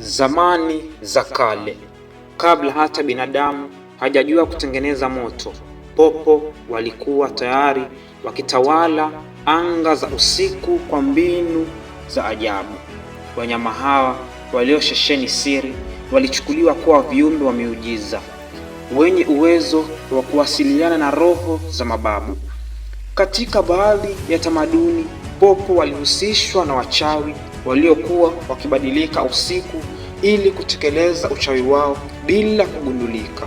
Zamani za kale, kabla hata binadamu hajajua kutengeneza moto, popo walikuwa tayari wakitawala anga za usiku kwa mbinu za ajabu. Wanyama hawa walioshesheni siri walichukuliwa kuwa viumbe wa miujiza wenye uwezo wa kuwasiliana na roho za mababu. Katika baadhi ya tamaduni, popo walihusishwa na wachawi waliokuwa wakibadilika usiku ili kutekeleza uchawi wao bila kugundulika.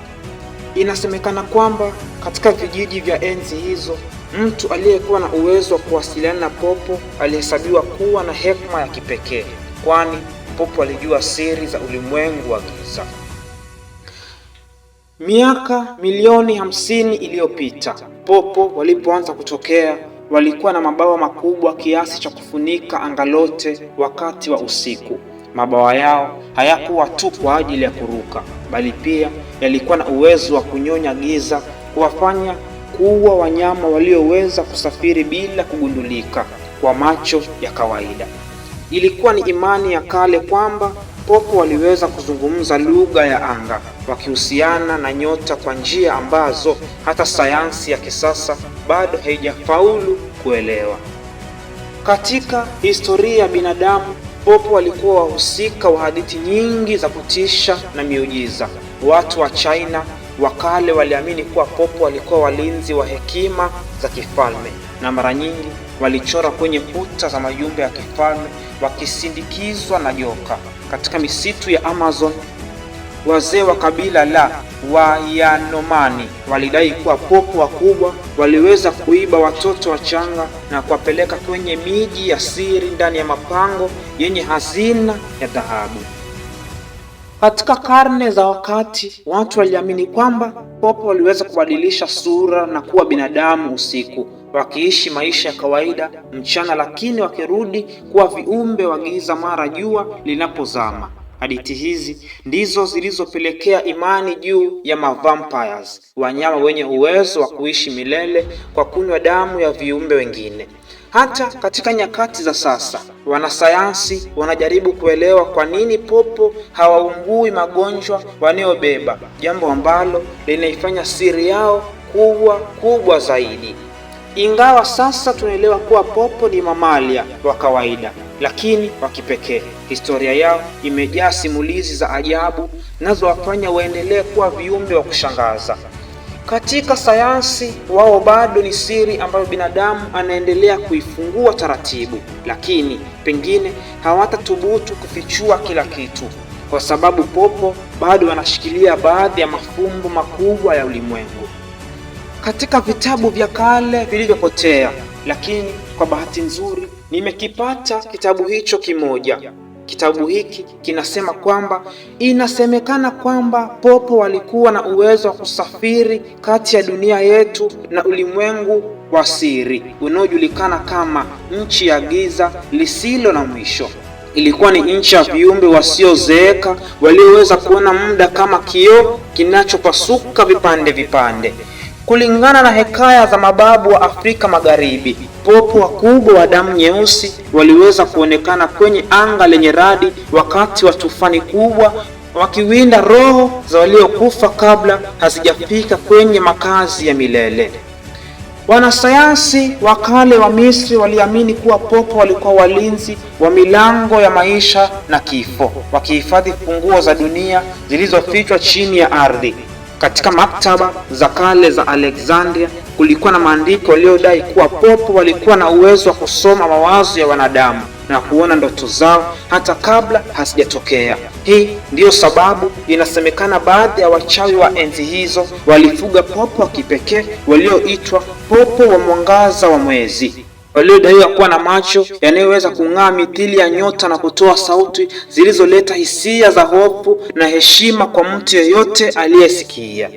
Inasemekana kwamba katika vijiji vya enzi hizo, mtu aliyekuwa na uwezo wa kuwasiliana na popo alihesabiwa kuwa na hekima ya kipekee, kwani popo alijua siri za ulimwengu wa giza. Miaka milioni hamsini iliyopita popo walipoanza kutokea walikuwa na mabawa makubwa kiasi cha kufunika anga lote wakati wa usiku. Mabawa yao hayakuwa tu kwa ajili ya kuruka, bali pia yalikuwa na uwezo wa kunyonya giza, kuwafanya kuwa wanyama walioweza kusafiri bila kugundulika kwa macho ya kawaida. Ilikuwa ni imani ya kale kwamba popo waliweza kuzungumza lugha ya anga, wakihusiana na nyota kwa njia ambazo hata sayansi ya kisasa bado haijafaulu kuelewa. Katika historia ya binadamu Popo walikuwa wahusika wa hadithi nyingi za kutisha na miujiza. Watu wa China wa kale waliamini kuwa popo walikuwa walinzi wa hekima za kifalme, na mara nyingi walichora kwenye kuta za majumba ya kifalme wakisindikizwa na joka. Katika misitu ya Amazon, wazee wa kabila la Yanomani walidai kuwa popo wakubwa waliweza kuiba watoto wachanga na kuwapeleka kwenye miji ya siri ndani ya mapango yenye hazina ya dhahabu. Katika karne za wakati, watu waliamini kwamba popo waliweza kubadilisha sura na kuwa binadamu usiku, wakiishi maisha ya kawaida mchana, lakini wakirudi kuwa viumbe wa giza mara jua linapozama. Hadithi hizi ndizo zilizopelekea imani juu ya mavampires, wanyama wenye uwezo wa kuishi milele kwa kunywa damu ya viumbe wengine. Hata katika nyakati za sasa, wanasayansi wanajaribu kuelewa kwa nini popo hawaungui magonjwa wanayobeba, jambo ambalo linaifanya siri yao kuwa kubwa zaidi. Ingawa sasa tunaelewa kuwa popo ni mamalia wa kawaida, lakini wa kipekee. Historia yao imejaa simulizi za ajabu zinazowafanya waendelee kuwa viumbe wa kushangaza. Katika sayansi, wao bado ni siri ambayo binadamu anaendelea kuifungua taratibu, lakini pengine hawatathubutu kufichua kila kitu, kwa sababu popo bado wanashikilia baadhi ya mafumbo makubwa ya ulimwengu. Katika vitabu vya kale vilivyopotea, lakini kwa bahati nzuri nimekipata kitabu hicho kimoja Kitabu hiki kinasema kwamba inasemekana kwamba popo walikuwa na uwezo wa kusafiri kati ya dunia yetu na ulimwengu wa siri unaojulikana kama nchi ya giza lisilo na mwisho. Ilikuwa ni nchi ya viumbe wasiozeeka walioweza kuona muda kama kioo kinachopasuka vipande vipande. Kulingana na hekaya za mababu wa Afrika Magharibi, popo wakubwa wa damu nyeusi waliweza kuonekana kwenye anga lenye radi wakati wa tufani kubwa, wakiwinda roho za waliokufa kabla hazijafika kwenye makazi ya milele. Wanasayansi wa kale wa Misri waliamini kuwa popo walikuwa walinzi wa milango ya maisha na kifo, wakihifadhi funguo za dunia zilizofichwa chini ya ardhi. Katika maktaba za kale za Alexandria kulikuwa na maandiko yaliyodai kuwa popo walikuwa na uwezo wa kusoma mawazo ya wanadamu na kuona ndoto zao hata kabla hazijatokea. Hii ndiyo sababu inasemekana baadhi ya wachawi wa enzi hizo walifuga popo wa kipekee walioitwa popo wa mwangaza wa mwezi waliodaiwa kuwa na macho yanayoweza kung'aa mithili ya nyota na kutoa sauti zilizoleta hisia za hofu na heshima kwa mtu yeyote aliyesikia.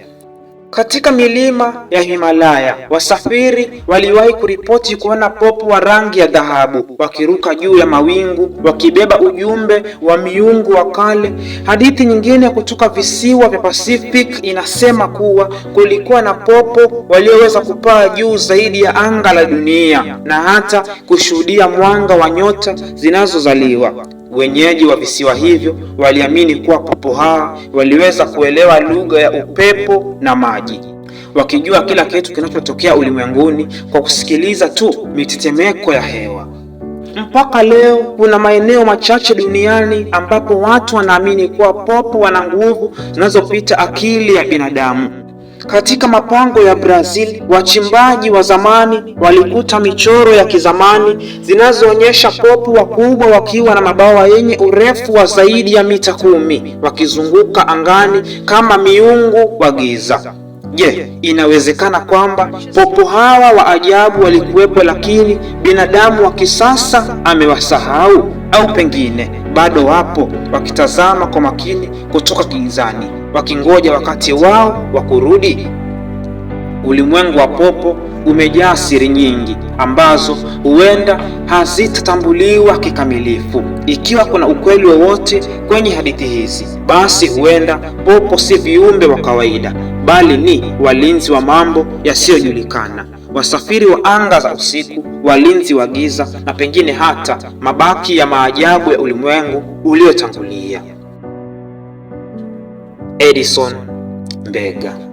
Katika milima ya Himalaya, wasafiri waliwahi kuripoti kuona popo wa rangi ya dhahabu wakiruka juu ya mawingu wakibeba ujumbe wa miungu wa kale. Hadithi nyingine kutoka visiwa vya Pacific inasema kuwa kulikuwa na popo walioweza kupaa juu zaidi ya anga la dunia na hata kushuhudia mwanga wa nyota zinazozaliwa. Wenyeji wa visiwa hivyo waliamini kuwa hawa waliweza kuelewa lugha ya upepo na maji, wakijua kila kitu kinachotokea ulimwenguni kwa kusikiliza tu mitetemeko ya hewa. Mpaka leo kuna maeneo machache duniani ambapo watu wanaamini kuwa popo wana nguvu zinazopita akili ya binadamu. Katika mapango ya Brazil, wachimbaji wa zamani walikuta michoro ya kizamani zinazoonyesha popo wakubwa wakiwa na mabawa yenye urefu wa zaidi ya mita kumi wakizunguka angani kama miungu wa giza. Je, yeah, inawezekana kwamba popo hawa wa ajabu walikuwepo lakini binadamu wa kisasa amewasahau? Au pengine bado wapo wakitazama kwa makini kutoka gizani? wakingoja wakati wao wa kurudi. Ulimwengu wa popo umejaa siri nyingi ambazo huenda hazitatambuliwa kikamilifu. Ikiwa kuna ukweli wowote kwenye hadithi hizi, basi huenda popo si viumbe wa kawaida, bali ni walinzi wa mambo yasiyojulikana, wasafiri wa anga za usiku, walinzi wa giza, na pengine hata mabaki ya maajabu ya ulimwengu uliotangulia. Edison Mbega.